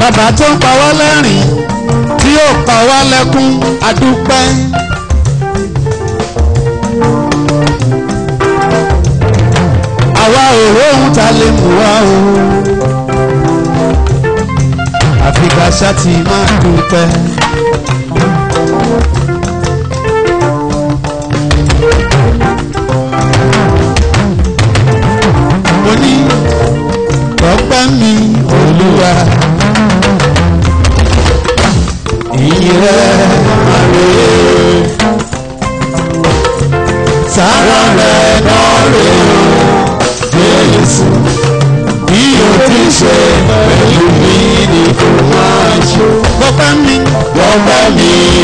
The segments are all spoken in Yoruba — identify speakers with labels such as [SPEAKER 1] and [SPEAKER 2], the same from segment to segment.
[SPEAKER 1] bàbá tó ń pa wá lẹ́rìn tí yóò pa wá lẹ́kún adúpẹ́. àwa ò róhun ta lè mú wa o àfikà ṣáàtì máa dúpẹ́. mo ní ọpẹ́ mi olúwa ìyẹ àárẹ̀ sára rẹ̀ lọ́rẹ̀ o Jésù bí o ti ṣe pẹ̀lú mi ni kò máa ṣe. bọ́pẹ́ mi bọ́pẹ́ mi.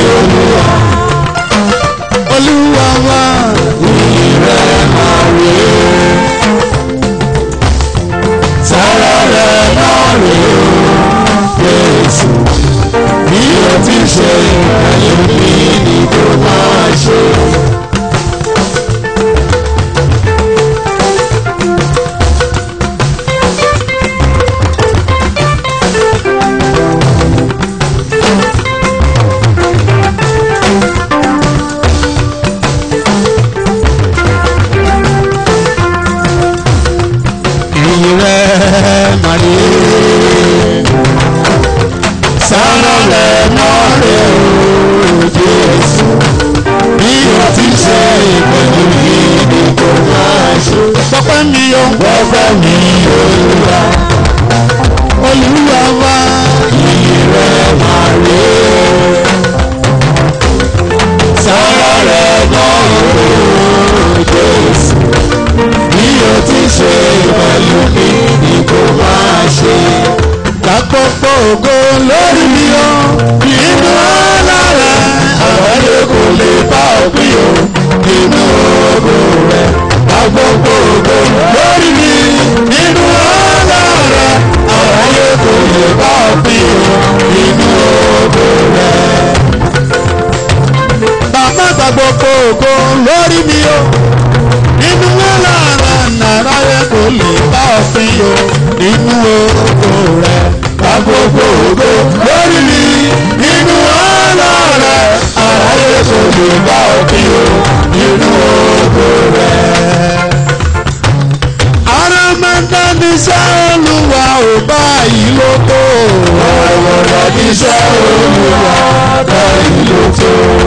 [SPEAKER 1] to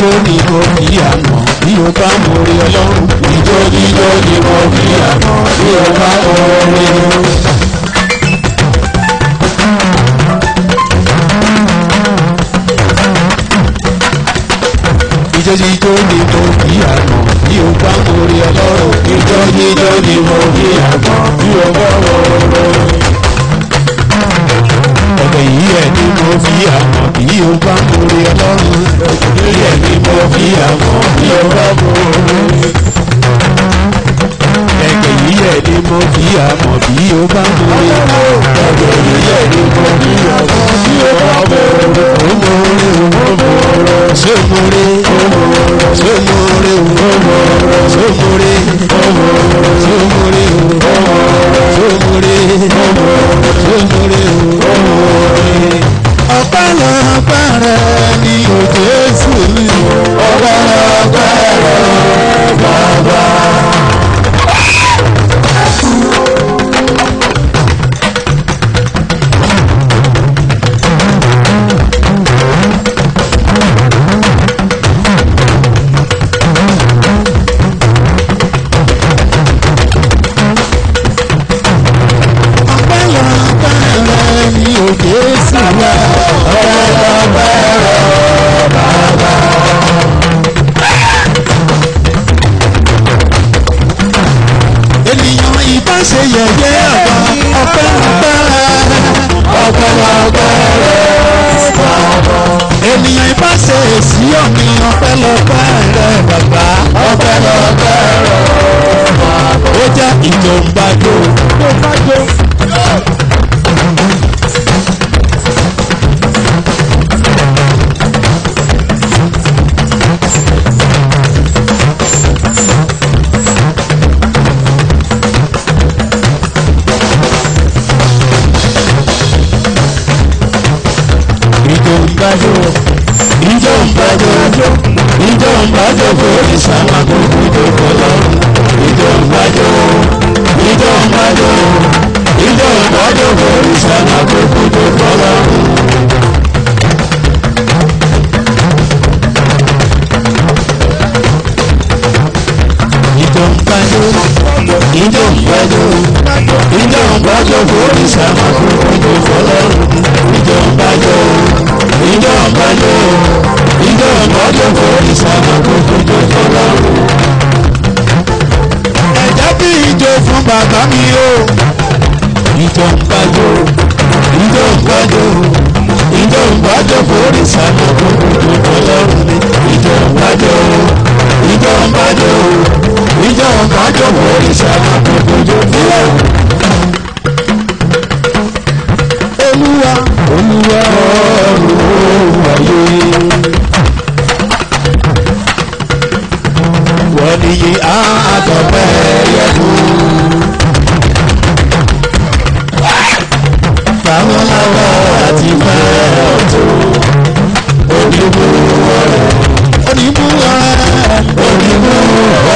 [SPEAKER 1] jíjó ni mo fi àná bí o bá mọ orí ọlọ́run. jíjó jíjó ni mo fi àná bí o bá mọ orí ọlọ́run. ìjọsí tó ní mo bí àmọ́ bí o bá mo rí ọlọ́run ìjọsí tó ní mo bí àmọ́ bí o bá mo rí ọlọ́run èyí ẹ̀ ni mo fi àmọ́ èyí ò bá borí ọlọ́run èyí ẹ̀ ni mo fi àmọ́ èyí ò bá borí. ẹ̀kẹ́ yìí ẹ̀ ni mo fi àmọ́ èyí ò bá borí ọlọ́run ẹ̀kẹ́ yìí ẹ̀ ni mo fi àmọ́ èyí ò bá borí. ó mọ orí ó mọ ọ̀rọ̀ ṣé mo rí ó mọ ọ̀rọ̀ ṣé mo rí ó mọ ọ̀rọ̀ ṣé mo rí ó mọ ọ̀rọ̀ ṣé mo rí ó mọ ọ̀rọ̀ ṣé mo rí ó mọ ọ̀rọ̀ ṣé mo rí ó. bàbá mi o. ìjọ ń gbàjọ ìjọ ń gbàjọ ìjọ ń gbàjọ forí sànà gbogbo ọlọ́run ni ìjọ ń gbàjọ ìjọ ń gbàjọ ìjọ ń gbàjọ forí sànà gbogbo ọlọ́run. olúwa olúwa ọ̀run wáyé. wọ́n ní yí á àtọ̀pẹ́ yẹ̀dùn. Ooh.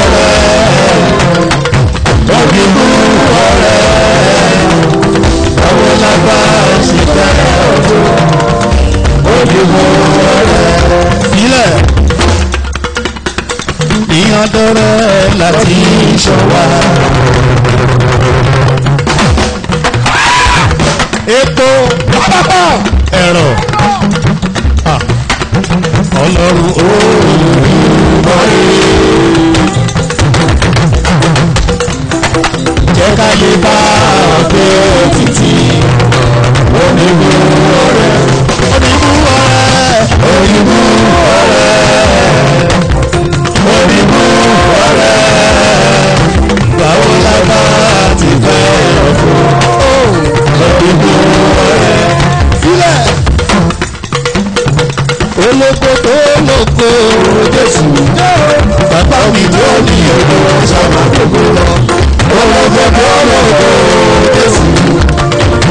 [SPEAKER 1] lóko tó lóko Jésù bàbá mi tó ní ọdún sábà gbogbo lọ olóko tó lóko Jésù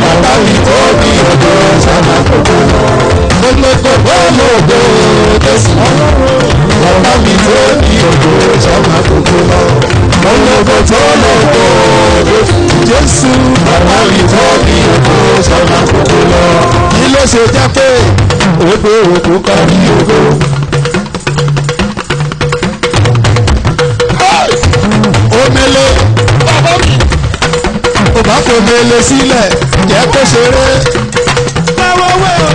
[SPEAKER 1] bàbá mi tó ní ọdún sábà gbogbo lọ olóko tó lóko Jésù bàbá mi tó ní ọdún sábà gbogbo lọ olóko tó lóko Jésù bàbá mi tó ní ọdún sábà gbogbo lọ kí ṣe jẹ́ òkú òkú kọ́ bí òkú. omele bàbá mi kò mele fòmele sílẹ̀ jẹ́ kó ṣeré báwo wẹ̀ o.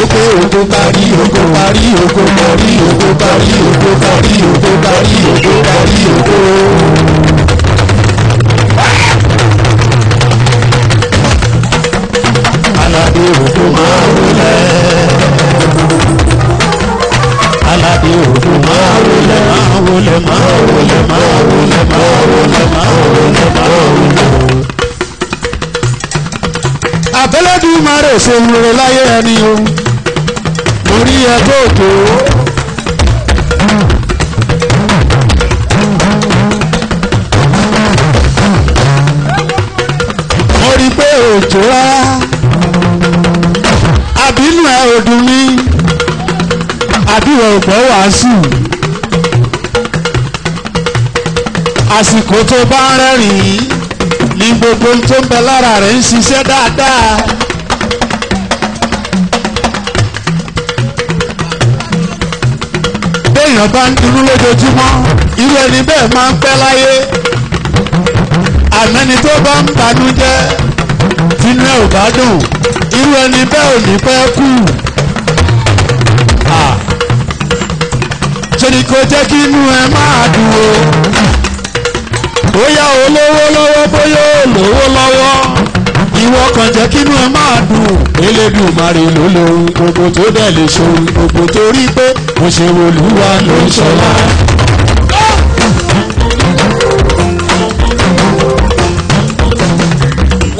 [SPEAKER 1] òkú òkú parí òkú parí òkú parí òkú parí òkú parí òkú Alábí odò máa wulẹ̀. Alábí odò máa wulẹ̀ máa wulẹ̀ máa wulẹ̀ máa wulẹ̀ máa wulẹ̀ máa wulẹ̀ máa wulẹ̀. Àbẹ́lẹ́dùn máa rè ṣe ń lọ láyé ẹni o. Mo rí ẹ tó tó. ò gbọ́ wàásù àsìkò tó bá ń rẹ́rìn-ín ní gbogbo tó ń bẹ lára rẹ̀ ń ṣiṣẹ́ dáadáa. béèyàn bá ń dunú lójoojúmọ́ irú ẹni bẹ́ẹ̀ máa ń pẹ́ láyé àmẹ́ni tó bá ń banú jẹ́ ẹ̀ ò bá dùn irú ẹni bẹ́ẹ̀ ò ní pẹ́ kú. ni kò jẹ́ kí inú ẹ máa dùn o. bóyá olówó lọ́wọ́ bóyá olówó lọ́wọ́ ìwọ kan jẹ́ kí inú ẹ máa dùn. Elédùmarè ló lóhun gbogbo tó dẹ̀ lè ṣohun gbogbo tó rí pé mo ṣe Olúwa ló ń ṣọlá.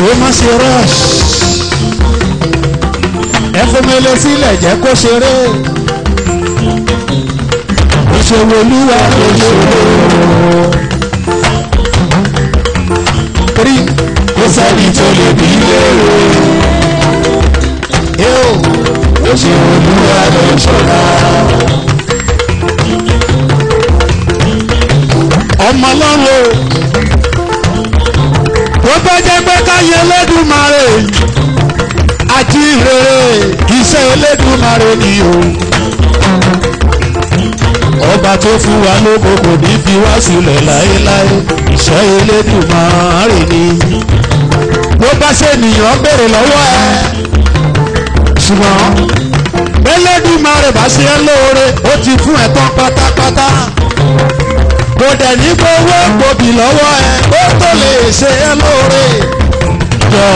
[SPEAKER 1] ó má ṣe rush ẹ fún mi lé sílẹ̀ jẹ́ kó ṣeré ṣòro olúwa kò ṣòro. torí kò sẹ́ni tó lè bí léèrè. kò ṣe olúwa lọ ṣọ́ra. ọmọ ọlọ́run o ó bá jẹ́ pé ká yẹ lẹ́dùnmáre àti ìrere kì í ni o ọba tó fún wa lógo kò ní fi wá sílẹ̀ láéláé ìṣẹ́ Elédùmarè ni bó bá ṣe ènìyàn béèrè lọ́wọ́ ẹ ṣùgbọ́n Elédùmarè bá ṣe é lóore ó ti fún ẹ tán pátápátá kò dẹ̀ ní gbowó gbòbí lọ́wọ́ ẹ ó tó lè ṣe é lóore jọ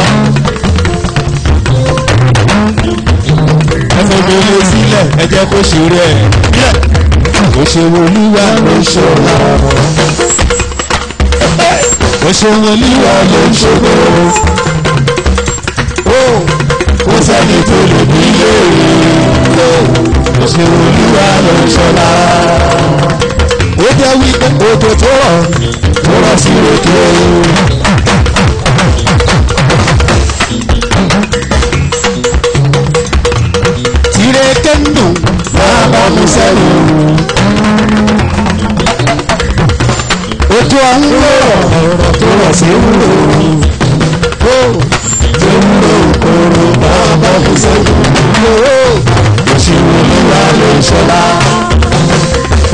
[SPEAKER 1] ẹfọ̀gbọ̀n ilé sílẹ̀ ẹ jẹ́ kó ṣeré ẹ̀ o ṣeun olúwa ló ń ṣòro o ṣeun olúwa ló ń ṣòro o sẹ́ni tó lè bí léèrè o ṣeun olúwa ló ń ṣọlá ó jẹ́ wípé òjò tó rọ̀ tó rọ̀ sí ròkè ń ọ̀rọ̀ tó rọ̀ sí ń lò ó tó ń lò kóró bàbá fi ṣẹ́gun lò ó òṣèwò nígbà ló ń ṣọlá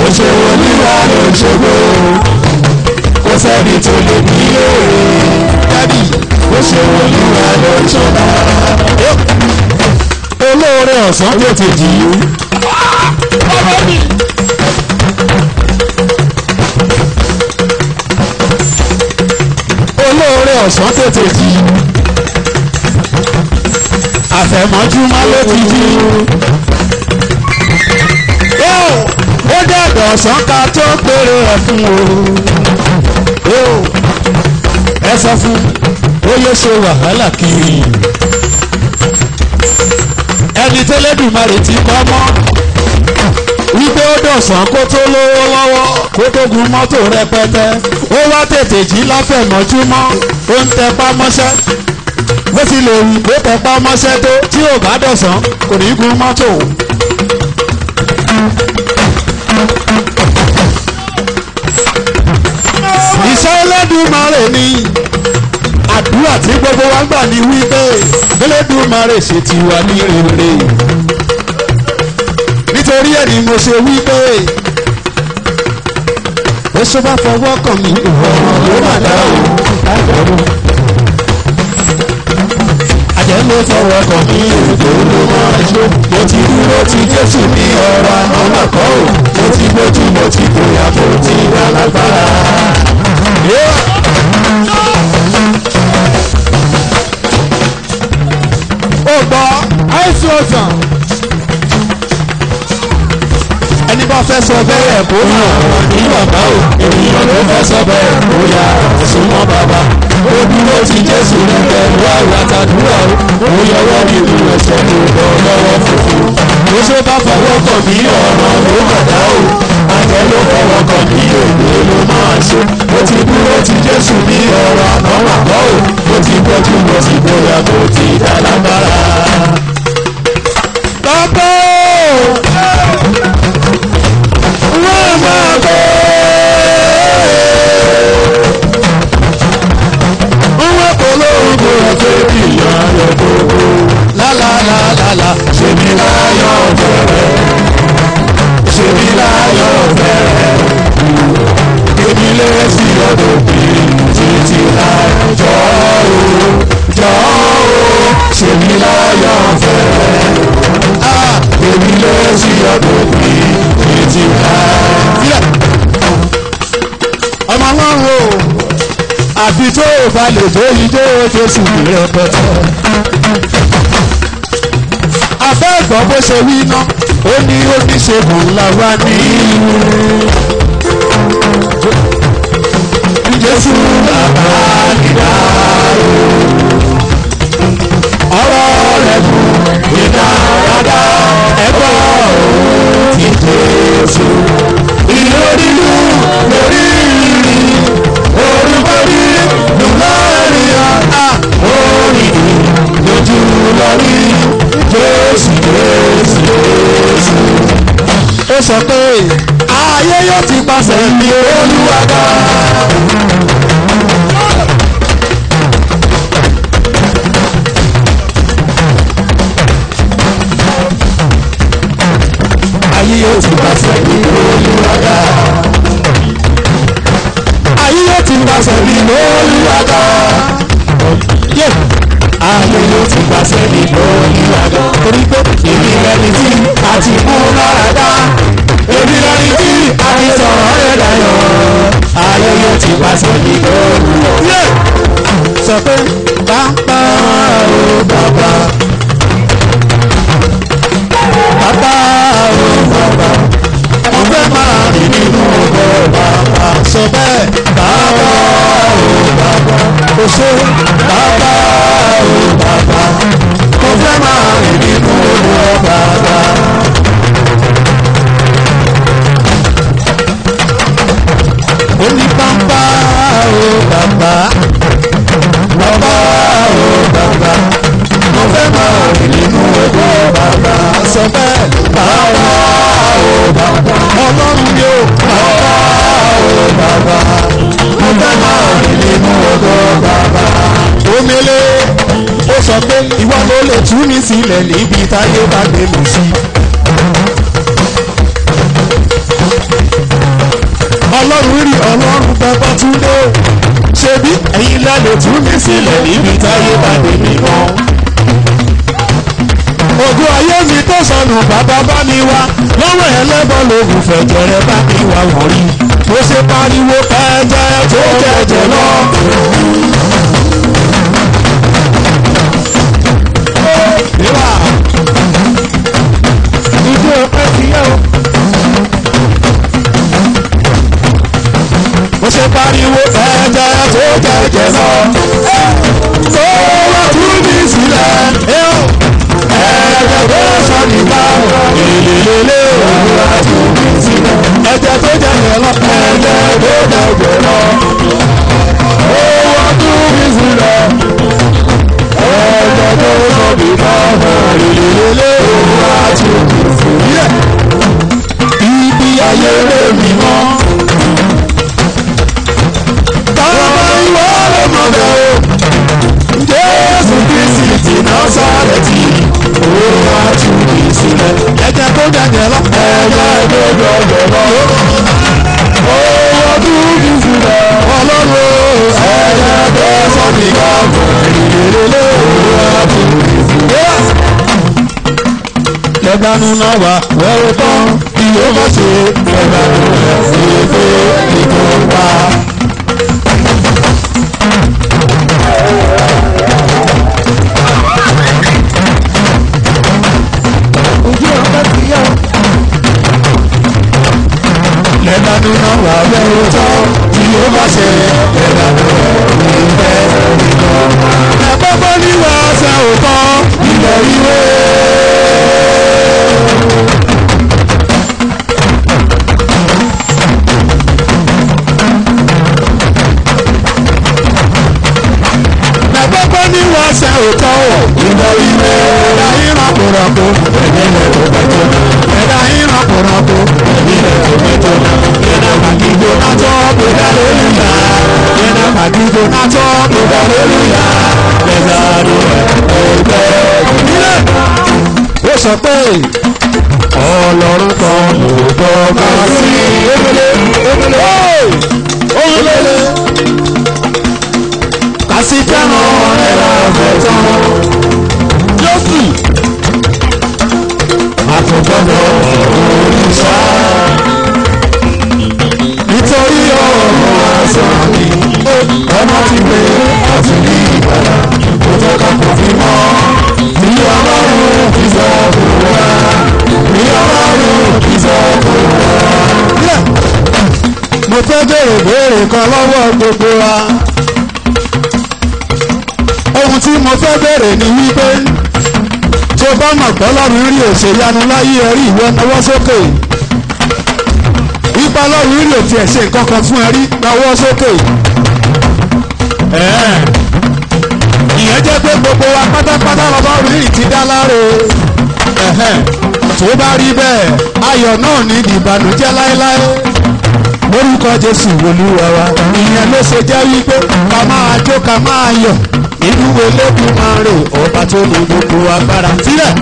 [SPEAKER 1] òṣèwò nígbà ló ń ṣògo sẹ́ni tó lè ní èrè dábì òṣèwò nígbà ló ṣọlá. olóore ọ̀sán tó jì í. ọ̀rọ̀ mi. ọ̀sán tètè jí àfẹ̀mọ́júmọ́ ló ti jí ó dẹ̀dọ̀ ọ̀sán ká tó péré ẹ̀ fún o ẹ sọ fún ó yẹ ṣe wàhálà kiri ẹni tó lẹ́dùnmarè ti kọ́ mọ́ torí pé ó dọ̀sán kó tó lówó lọ́wọ́ kó tó gun mọ́tò rẹpẹtẹ ó wá tètè jí láfẹ̀mọ́júmọ́ ó ń tẹpá mọ́ṣẹ́ bó ti lè wù kó tẹpá mọ́ṣẹ́ tó tí ò bá dọ̀sán kò ní gun mọ́tò. iṣẹ́ Ẹlẹ́dùmarè ni àdúrà tí gbogbo wa gbà ní wípé Ẹlẹ́dùmarè ṣe ti wà ní rere torí ẹ̀ ni mo ṣe wí pé èso bá fọwọ́ kàn mí ọ̀rọ̀ ló mà dá o. àjẹmọ́ fọwọ́ kàn mí òjò ló máa jó mo ti dúró ti jésù ní ọ̀rọ̀ àná máa kọ́ ò mo ti gbójú mo ti gbóyà mo ti dá lágbára. fẹ́ sọ bẹ́ẹ̀ kó yà ní bàbá o ènìyàn ló fẹ́ sọ bẹ́ẹ̀ kó yà súnmọ́ bàbá ó dúró ti Jésù ní pẹ̀lú àwọn àtàdúrà o ó yọwọ́ ní ìrìnàṣẹ́ ní ìbọn lọ́wọ́ funfun ó ṣe bá fọwọ́ bí ọ̀ràn ló mà o àjẹ́ ló fọwọ́ bí òde ló máa ṣe ó ti dúró ti Jésù ní ọ̀rọ̀ àná o ó ti bọ́jú lọ sí bóyá kó ti dá lágbára. bàbá bá lè dé ilé Jésù rẹpẹtẹ. afẹ́ ẹ̀gbọ́n bó ṣe wí ná ó ní oníṣègùn ńlá wá ní. Jésù bàbá. ṣe ní lórí ìlàjọ. torí pé èmi lẹni tí a ti mú lára dá. èmi lẹni tí a ti sọ̀rọ̀ rẹ̀ dayọ̀. ayé yóò ti wá ṣe ní lórí ìlàjọ. sọ pé bàbá o bàbá. bàbá o bàbá. mo fẹ́ máa rìn nínú ọgbọ́n bàbá. sọ bẹ́ẹ̀ bàbá o bàbá. kò ṣe é. máa rìn nínú olúwa bàbá. ó ní pápá o bàbá. sílẹ̀ níbi táyé bá gbé mi sí. ọlọ́run rí ọlọ́run bàbá túndé ṣebí ẹ̀yin lálẹ́ tún mi sílẹ̀ níbi táyé bá gbé mi mọ́. ògùn ayé mi tó sọnù bàbá bá mi wá lọ́wọ́ ẹlẹ́bọ̀ lògùn fẹ̀jẹ̀rẹ̀ bá mi wá wọ̀nyí. mo ṣe pariwo kẹjẹ tó jẹjẹ lọ. dẹ̀jẹ̀ lọ. ẹ̀jẹ̀ ìdodo ọ̀jẹ̀ lọ. owó dúdú sílẹ̀. ọlọ́run ẹ̀jẹ̀ tó sọ́ọ̀tì káàkó ìdílé owó dúdú sílẹ̀. lẹ́gbàánu náà wà wẹ́rẹ́ tán bí yóò ṣe lẹ́gbàánu rẹ̀ sí pé ìkópa. Amen. fẹ́ béèrè béèrè kan lọ́wọ́ gbogbo wa. ohun tí mo fẹ́ béèrè ni wípé tó bá mọ̀ pé Ọlọ́run rí òṣèyanu láyé ẹ̀rí ìwọ náwó sókè ipa Ọlọ́run rí òtí ẹ̀ ṣe nǹkan kan fún ẹ̀rí náwó sókè. ìyẹn jẹ́ pé gbogbo wa pátápátá lọ́lọ́run rí ti dá láre tó bá rí bẹ́ẹ̀ ayọ̀ náà ní ìbànújẹ́ láéláé lórúkọ Jésù olúwa wa ìyẹn ló ṣe jẹ́ wípé ká máa jó ká máa yọ̀ inú eléwu máa rè ọba tó ní gbogbo agbára sílẹ̀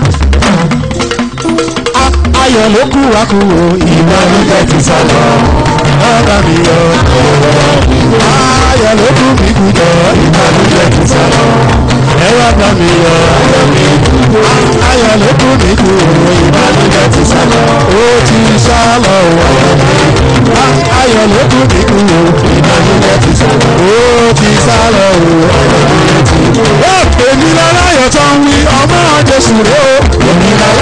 [SPEAKER 1] ayọ̀ ló kù wá kú o ìwà nílẹ̀ ti sá ọba mi yọ ayọ̀ ló kù mí kú jọ ìwà nílẹ̀ ti sá ẹ wá bá mi yọ ayọ̀ ló kù mí kú ìbànújẹ́ ti sá lọ ó ti sá lọ wà ah, ayọ̀ ló kù mí kú ìbànújẹ́ ti sá lọ ó ti sá lọ wà. èmi lára ayọ̀ tó wí ọmọ Jésù rẹ̀ o èmi lára.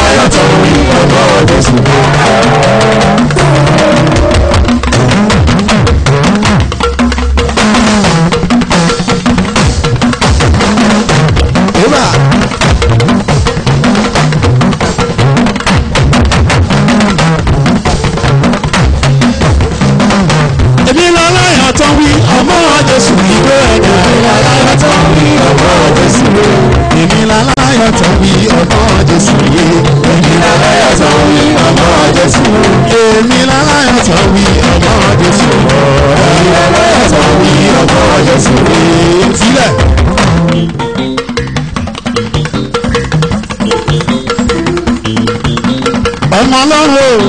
[SPEAKER 1] ọlọ́run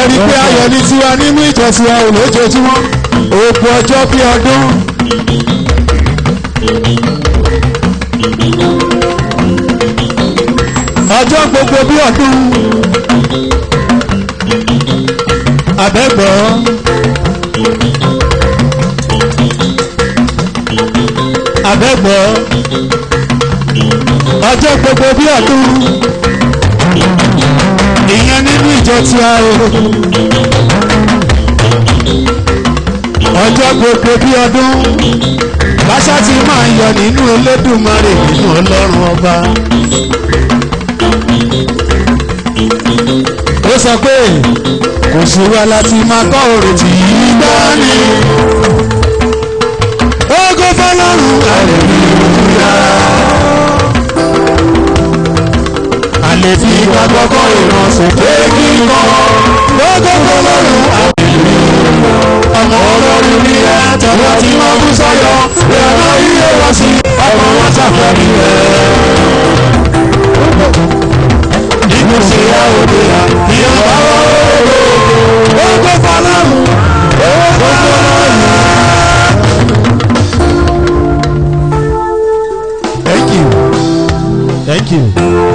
[SPEAKER 1] ẹni pé ayọ̀ ní tiwa nínú ìjọsìn wa ò lójoojúmọ́ òògùn ọjọ́ bí ọdún. ọjọ́ gbogbo bí ọdún abẹ́gbọ́. abẹ́gbọ́ ọjọ́ gbogbo bí ọdún jẹ́ tí a rò. ọjọ́ gbogbo bí ọdún láṣà tí máa ń yọ nínú Elédùmarè nínú Ọlọ́run ọba. ó sọ pé kò sí wa láti máa kọ́ òrò tí yìí bá ní. ògo fọlọ́run àrèmí ìlú lè fi gbàgbọ́ kọ́ ìrànṣẹ́ pé kíkọ́ lọ́gọ́gọ́ lọ́rùn àbẹ̀lẹ̀ ọmọ ọlọ́run ní ẹ tẹ̀lé tí wọ́n kú sọ́yọ́ ìrànà iye wọ́n sí ọmọ wọn ṣàfẹ́rí rẹ̀. nínú ṣe ya òde ya ìyọ̀bá òde òde fanámù òde fanámù. Thank you. Thank you.